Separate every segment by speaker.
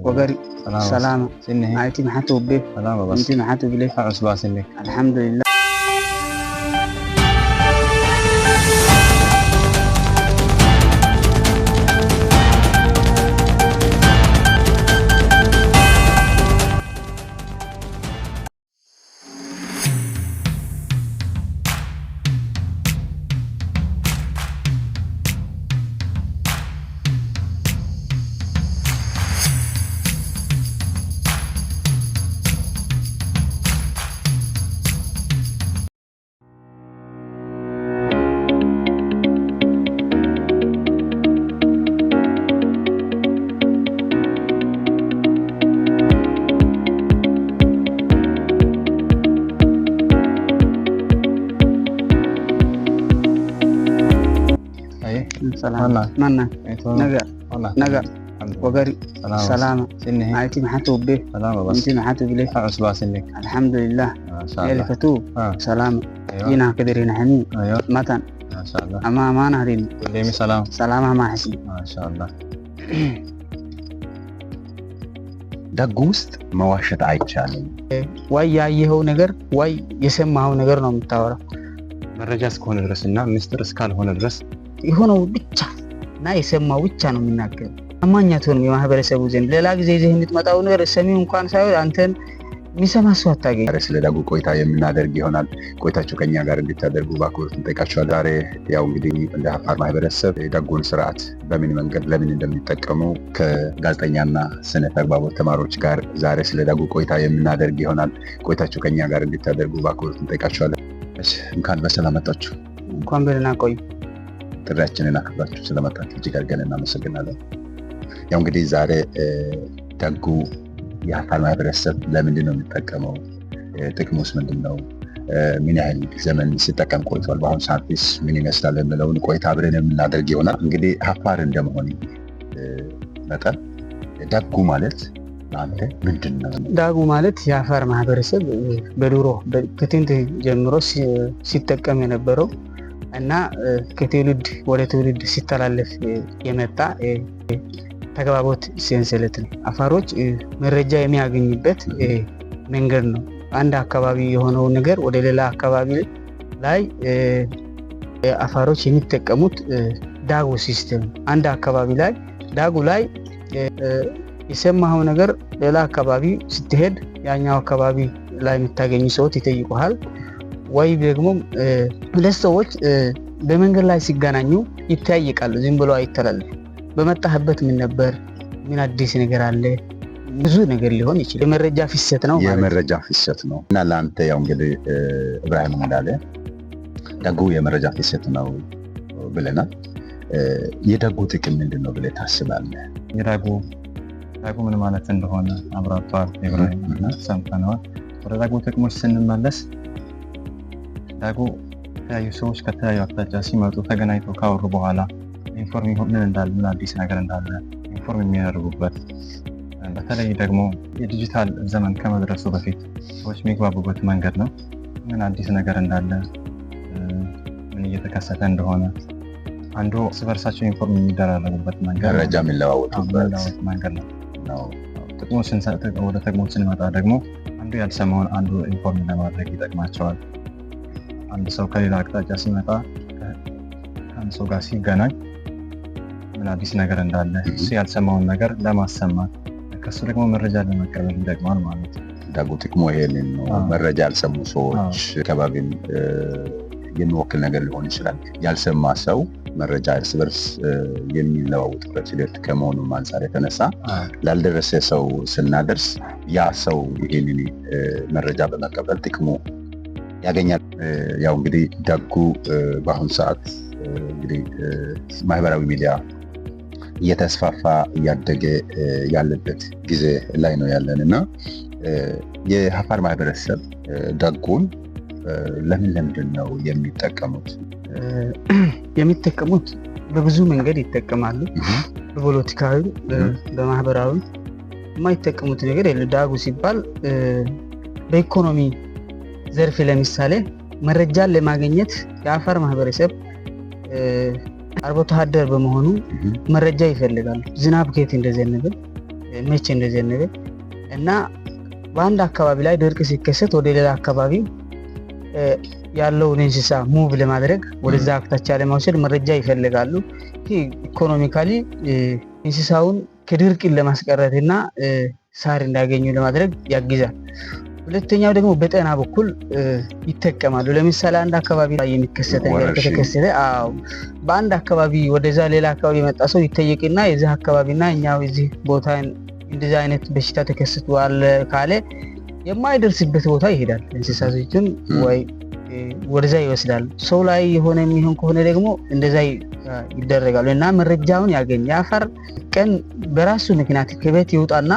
Speaker 1: وبارك سلامة سنة هايتي محاتو بليف سلامة بس انتي محاتو بليف الحمد لله mana نعم. نعم. نعم. سلام وبر سلامة عائلتي محاتو به سلام بس انتي محاتو بليه
Speaker 2: عصبا سنك
Speaker 1: الحمد لله ما شاء الله آه. سلام سلامة أيوه. ينا كدرين حني أيوه. متن ما شاء الله أما ما نهرين
Speaker 2: كلهم سلام
Speaker 1: سلام ما حسن
Speaker 2: ما شاء الله ደግ ውስጥ መዋሸት አይቻልም።
Speaker 1: ወይ ያየኸው ነገር ወይ የሰማኸው ነገር ነው የምታወራው
Speaker 2: መረጃ እስከሆነ ድረስ እና ምስጢር እስካልሆነ ድረስ
Speaker 1: የሆነው ብቻ እና የሰማው ብቻ ነው የሚናገረው። አማኛት ሆኑ የማህበረሰቡ ዘንድ። ሌላ ጊዜ ይዘህ የምትመጣው ነገር ሰሚው እንኳን ሳይሆን አንተን የሚሰማ ሰው አታገኝ።
Speaker 2: ስለ ዳጉ ቆይታ የምናደርግ ይሆናል። ቆይታቸው ከኛ ጋር እንድታደርጉ በአክብሮት እንጠይቃችኋለን። ዛሬ ያው እንግዲህ እንደ አፋር ማህበረሰብ የዳጉን ስርዓት በምን መንገድ ለምን እንደሚጠቀሙ ከጋዜጠኛና ስነ ተግባቦት ተማሪዎች ጋር ዛሬ ስለ ዳጉ ቆይታ የምናደርግ ይሆናል። ቆይታቸው ከኛ ጋር እንድታደርጉ በአክብሮት እንጠይቃችኋለን። እንኳን በሰላም መጣችሁ።
Speaker 1: እንኳን በደህና ቆዩ።
Speaker 2: ጥሪያችንን አክብራችሁ ስለመጣችሁ እጅግ አድርገን እናመሰግናለን። ያው እንግዲህ ዛሬ ደጉ የአካል ማህበረሰብ ለምንድን ነው የሚጠቀመው? ጥቅሙስ ምንድን ነው? ምን ያህል ዘመን ሲጠቀም ቆይቷል? በአሁኑ ሰዓትስ ምን ይመስላል? የምለውን ቆይታ አብረን የምናደርግ ይሆናል። እንግዲህ ሀፋር እንደመሆን መጠን ዳጉ ማለት ለአንተ ምንድን ነው?
Speaker 1: ዳጉ ማለት የአፋር ማህበረሰብ በድሮ ከጥንት ጀምሮ ሲጠቀም የነበረው እና ከትውልድ ወደ ትውልድ ሲተላለፍ የመጣ ተግባቦት ሰንሰለት ነው። አፋሮች መረጃ የሚያገኝበት መንገድ ነው። አንድ አካባቢ የሆነው ነገር ወደ ሌላ አካባቢ ላይ አፋሮች የሚጠቀሙት ዳጉ ሲስተም። አንድ አካባቢ ላይ ዳጉ ላይ የሰማኸው ነገር ሌላ አካባቢ ስትሄድ ያኛው አካባቢ ላይ የምታገኝ ሰዎች ይጠይቁሃል። ወይ ደግሞ ሁለት ሰዎች በመንገድ ላይ ሲገናኙ ይተያይቃሉ። ዝም ብሎ አይተላለፍ። በመጣህበት ምን ነበር? ምን አዲስ ነገር አለ? ብዙ ነገር ሊሆን ይችላል። የመረጃ ፍሰት ነው
Speaker 2: የመረጃ ፍሰት ነው እና ለአንተ ያው እንግዲህ እብራሂም እንዳለ ደጉ የመረጃ ፍሰት ነው ብለናል። የደጉ ጥቅም ምንድን ነው ብለህ ታስባለህ?
Speaker 3: የደጉ ደጉ ምን ማለት እንደሆነ አብራርቷል እብራሂም እና ሰምተነዋል። ወደ ደጉ ጥቅሞች ስንመለስ ዳጉ የተለያዩ ሰዎች ከተለያዩ አቅጣጫ ሲመጡ ተገናኝተው ካወሩ በኋላ ኢንፎርም ምን እንዳለ ምን አዲስ ነገር እንዳለ ኢንፎርም የሚያደርጉበት በተለይ ደግሞ የዲጂታል ዘመን ከመድረሱ በፊት ሰዎች የሚግባቡበት መንገድ ነው። ምን አዲስ ነገር እንዳለ ምን እየተከሰተ እንደሆነ አንዱ ስበርሳቸው ኢንፎርም የሚደራረጉበት መንገድ
Speaker 2: የሚለዋወጡበት
Speaker 3: መንገድ ነው። ወደ ጥቅሞች ስንመጣ ደግሞ አንዱ ያልሰማውን አንዱ ኢንፎርም ለማድረግ ይጠቅማቸዋል። አንድ ሰው ከሌላ አቅጣጫ ሲመጣ ከአንድ ሰው ጋር ሲገናኝ ምን አዲስ ነገር እንዳለ እሱ ያልሰማውን ነገር ለማሰማት ከእሱ ደግሞ መረጃ ለመቀበል ይጠቅማል ማለት ነው።
Speaker 2: ዳጉ ጥቅሞ ይሄንን ነው። መረጃ ያልሰሙ ሰዎች አካባቢን የሚወክል ነገር ሊሆን ይችላል። ያልሰማ ሰው መረጃ እርስ በርስ የሚለዋውጥበት ሂደት ከመሆኑ አንጻር የተነሳ ላልደረሰ ሰው ስናደርስ ያ ሰው ይሄንን መረጃ በመቀበል ጥቅሙ ያገኛል። ያው እንግዲህ ዳጉ በአሁኑ ሰዓት እንግዲህ ማህበራዊ ሚዲያ እየተስፋፋ እያደገ ያለበት ጊዜ ላይ ነው ያለን እና የአፋር ማህበረሰብ ዳጉን ለምን ለምንድን ነው የሚጠቀሙት?
Speaker 1: የሚጠቀሙት በብዙ መንገድ ይጠቀማሉ። በፖለቲካዊ፣ በማህበራዊ የማይጠቀሙት ነገር ዳጉ ሲባል በኢኮኖሚ ዘርፍ ለምሳሌ መረጃን ለማግኘት የአፋር ማህበረሰብ አርብቶ አደር በመሆኑ መረጃ ይፈልጋሉ። ዝናብ ከየት እንደዘነበ፣ መቼ እንደዘነበ እና በአንድ አካባቢ ላይ ድርቅ ሲከሰት ወደ ሌላ አካባቢ ያለውን እንስሳ ሙቭ ለማድረግ ወደዛ አቅጣጫ ለማውሰድ መረጃ ይፈልጋሉ። ኢኮኖሚካሊ እንስሳውን ከድርቅን ለማስቀረት እና ሳር እንዳያገኙ ለማድረግ ያግዛል። ሁለተኛው ደግሞ በጤና በኩል ይጠቀማሉ። ለምሳሌ አንድ አካባቢ ላይ የሚከሰተ
Speaker 2: ነገር ከተከሰተ
Speaker 1: በአንድ አካባቢ ወደዛ ሌላ አካባቢ የመጣ ሰው ይጠየቅና የዚህ አካባቢና እኛ የዚህ ቦታ እንደዚህ አይነት በሽታ ተከስቷል ካለ የማይደርስበት ቦታ ይሄዳል። እንስሳቶችም ወይ ወደዛ ይወስዳል። ሰው ላይ የሆነ የሚሆን ከሆነ ደግሞ እንደዛ ይደረጋሉ እና መረጃውን ያገኝ የአፈር ቀን በራሱ ምክንያት ከቤት ይውጣና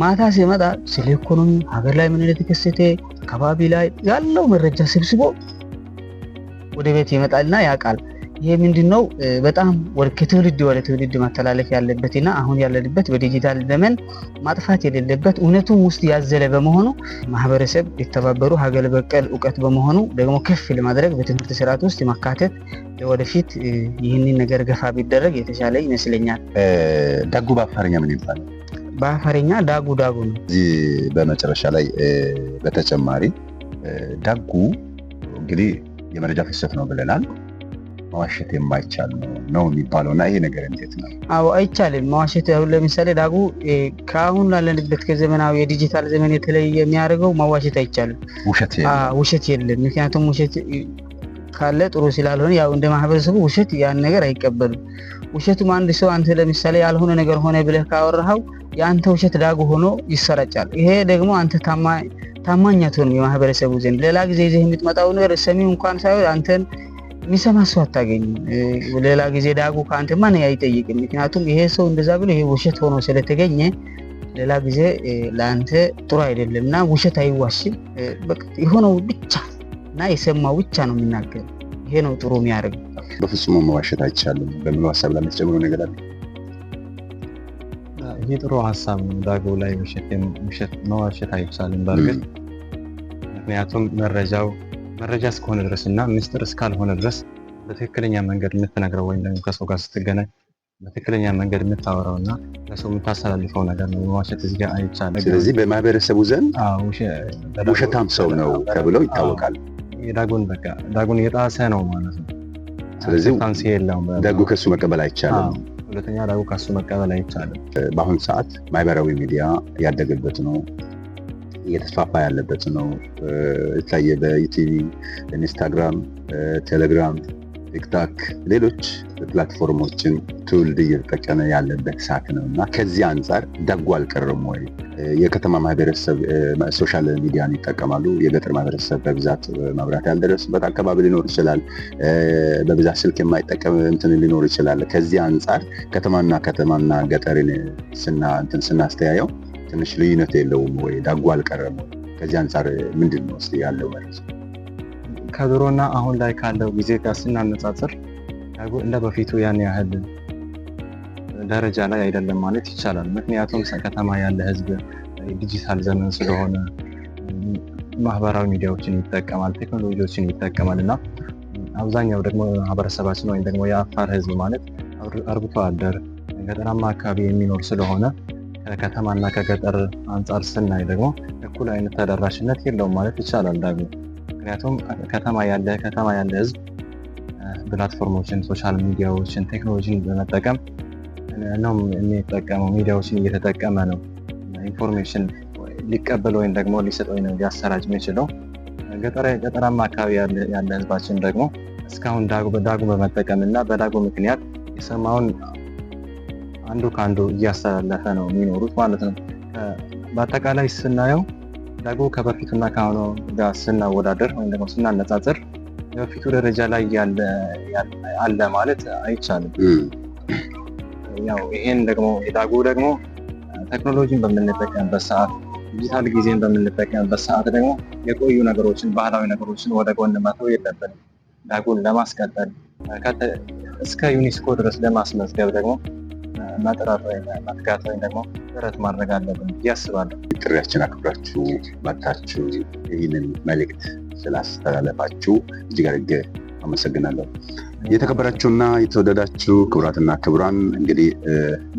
Speaker 1: ማታ ሲመጣ ስለ ኢኮኖሚ፣ ሀገር ላይ ምን እንደተከሰተ፣ አካባቢ ላይ ያለው መረጃ ሰብስቦ ወደ ቤት ይመጣልና ያውቃል። ይሄ ምንድን ነው? በጣም ከትውልድ ወደ ትውልድ ማተላለፍ ያለበትና አሁን ያለንበት በዲጂታል ዘመን ማጥፋት የሌለበት እውነቱም ውስጥ ያዘለ በመሆኑ ማህበረሰብ የተባበሩ ሀገር በቀል እውቀት በመሆኑ ደግሞ ከፍ ለማድረግ በትምህርት ስርዓት ውስጥ ማካተት ወደፊት ይህንን ነገር ገፋ ቢደረግ የተሻለ ይመስለኛል።
Speaker 2: ዳጉ ምን ይባላል?
Speaker 1: በአፈረኛ ዳጉ ዳጉ ነው።
Speaker 2: እዚህ በመጨረሻ ላይ በተጨማሪ ዳጉ እንግዲህ የመረጃ ፍሰት ነው ብለናል። መዋሸት የማይቻል ነው የሚባለው እና ይሄ ነገር እንዴት ነው?
Speaker 1: አዎ አይቻልም መዋሸት። ለምሳሌ ዳጉ ከአሁን ላለንበት ከዘመናዊ የዲጂታል ዘመን የተለየ የሚያደርገው መዋሸት አይቻልም፣ ውሸት የለም። ምክንያቱም ውሸት ካለ ጥሩ ስላልሆነ ያው እንደ ማህበረሰቡ ውሸት ያን ነገር አይቀበሉም። ውሸቱም አንድ ሰው አንተ ለምሳሌ ያልሆነ ነገር ሆነ ብለህ ካወራኸው የአንተ ውሸት ዳጉ ሆኖ ይሰራጫል። ይሄ ደግሞ አንተ ታማኛቱን የማህበረሰቡ ዘንድ ሌላ ጊዜ ይዘህ የምትመጣው ነገር ሰሚው እንኳን ሳይሆን አንተን የሚሰማ ሰው አታገኝም። ሌላ ጊዜ ዳጉ ከአንተ ማን አይጠይቅም። ምክንያቱም ይሄ ሰው እንደዛ ብሎ ይሄ ውሸት ሆኖ ስለተገኘ ሌላ ጊዜ ለአንተ ጥሩ አይደለም እና ውሸት አይዋሽም። የሆነው ብቻ እና የሰማው ብቻ ነው የሚናገር። ይሄ ነው ጥሩ የሚያደርግ።
Speaker 2: በፍጹም መዋሸት አይቻልም በሚለው ሀሳብ ላይ የምትጨምረው ነገር አለ?
Speaker 3: ይህ ጥሩ ሀሳብ ነው። ዳግው ላይ መዋሸት አይቻልም በእርግጥ ምክንያቱም መረጃው መረጃ እስከሆነ ድረስ እና ምስጢር እስካልሆነ ድረስ በትክክለኛ መንገድ የምትነግረው ወይም ደግሞ ከሰው ጋር ስትገናኝ በትክክለኛ መንገድ የምታወራው እና ለሰው የምታስተላልፈው ነገር ነው። መዋሸት እዚህ ጋር አይቻልም።
Speaker 2: ስለዚህ በማህበረሰቡ ዘንድ ውሸታም ሰው ነው ተብለው ይታወቃል።
Speaker 3: የዳጉን በቃ ዳጎን የጣሰ ነው ማለት ነው።
Speaker 2: ስለዚህ ዳጎ ከሱ መቀበል አይቻልም።
Speaker 3: ሁለተኛ ዳሩ ካሱ መቀበል አይቻልም።
Speaker 2: በአሁኑ ሰዓት ማህበራዊ ሚዲያ ያደገበት ነው እየተስፋፋ ያለበት ነው። የተለያየ በዩቲቪ ኢንስታግራም፣ ቴሌግራም ቲክታክ፣ ሌሎች ፕላትፎርሞችን ትውልድ እየተጠቀመ ያለበት ሰዓት ነው እና ከዚህ አንጻር ዳጎ አልቀርም ወይ? የከተማ ማህበረሰብ ሶሻል ሚዲያን ይጠቀማሉ። የገጠር ማህበረሰብ በብዛት መብራት ያልደረስበት አካባቢ ሊኖር ይችላል። በብዛት ስልክ የማይጠቀም እንትን ሊኖር ይችላል። ከዚህ አንጻር ከተማና ከተማና ገጠርን ስናስተያየው ትንሽ ልዩነት የለውም ወይ? ዳጎ አልቀረም ወይ? ከዚህ አንጻር ምንድን ነው ያለው መረጃ?
Speaker 3: ከድሮና አሁን ላይ ካለው ጊዜ ጋር ስናነጻጽር እንደ በፊቱ ያን ያህል ደረጃ ላይ አይደለም ማለት ይቻላል። ምክንያቱም ከተማ ያለ ህዝብ ዲጂታል ዘመን ስለሆነ ማህበራዊ ሚዲያዎችን ይጠቀማል፣ ቴክኖሎጂዎችን ይጠቀማል እና አብዛኛው ደግሞ ማህበረሰባችን ወይም ደግሞ የአፋር ህዝብ ማለት አርብቶ አደር ገጠራማ አካባቢ የሚኖር ስለሆነ ከከተማና ከገጠር አንጻር ስናይ ደግሞ እኩል አይነት ተደራሽነት የለውም ማለት ይቻላል ዳግም ምክንያቱም ከተማ ያለ ከተማ ያለ ህዝብ ፕላትፎርሞችን፣ ሶሻል ሚዲያዎችን፣ ቴክኖሎጂን በመጠቀም ነው የሚጠቀመው። ሚዲያዎችን እየተጠቀመ ነው ኢንፎርሜሽን ሊቀበል ወይም ደግሞ ሊሰጥ ወይ ሊያሰራጭ የሚችለው። ገጠራማ አካባቢ ያለ ህዝባችን ደግሞ እስካሁን ዳጉ በመጠቀም እና በዳጉ ምክንያት የሰማውን አንዱ ከአንዱ እያስተላለፈ ነው የሚኖሩት ማለት ነው። በአጠቃላይ ስናየው ዳጎ ከበፊቱና ከአሁኑ ጋር ስናወዳደር ወይም ደግሞ ስናነጻጽር የበፊቱ ደረጃ ላይ አለ ማለት አይቻልም። ያው ይሄን ደግሞ የዳጎ ደግሞ ቴክኖሎጂን በምንጠቀምበት ሰዓት፣ ዲጂታል ጊዜን በምንጠቀምበት ሰዓት ደግሞ የቆዩ ነገሮችን ባህላዊ ነገሮችን ወደ ጎን መተው የለብንም። ዳጎን ለማስቀጠል እስከ ዩኒስኮ ድረስ ለማስመዝገብ ደግሞ መጥራት ወይም መትጋት ወይም ደግሞ ጥረት ማድረግ አለብን ብዬ
Speaker 2: ጥሪያችን አክብራችሁ መታችሁ ይህንን መልእክት ስላስተላለፋችሁ እጅግ አድርጌ አመሰግናለሁ። የተከበራችሁና የተወደዳችሁ ክቡራትና ክቡራን እንግዲህ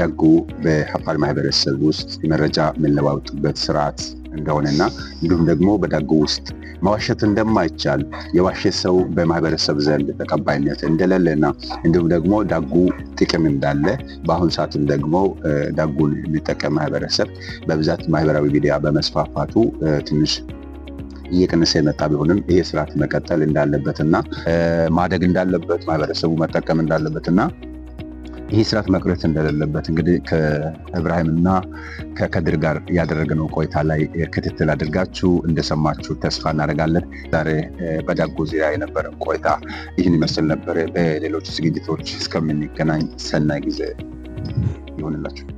Speaker 2: ደጉ በአፋር ማህበረሰብ ውስጥ መረጃ የምንለዋወጥበት ስርዓት እንደሆነና እንዲሁም ደግሞ በዳጎ ውስጥ መዋሸት እንደማይቻል የዋሸ ሰው በማህበረሰብ ዘንድ ተቀባይነት እንደሌለና እንዲሁም ደግሞ ዳጉ ጥቅም እንዳለ በአሁን ሰዓትም ደግሞ ዳጉን የሚጠቀም ማህበረሰብ በብዛት ማህበራዊ ሚዲያ በመስፋፋቱ ትንሽ እየቀነሰ የመጣ ቢሆንም ይሄ ስርዓት መቀጠል እንዳለበትና ማደግ እንዳለበት ማህበረሰቡ መጠቀም እንዳለበትና ይህ ስርዓት መቅረት እንደሌለበት እንግዲህ ከእብራሂምና ከከድር ጋር ያደረግነው ቆይታ ላይ ክትትል አድርጋችሁ እንደሰማችሁ ተስፋ እናደርጋለን። ዛሬ በዳጎ ዙሪያ የነበረን ቆይታ ይህን ይመስል ነበር። በሌሎች ዝግጅቶች እስከምንገናኝ ሰናይ ጊዜ ይሆንላችሁ።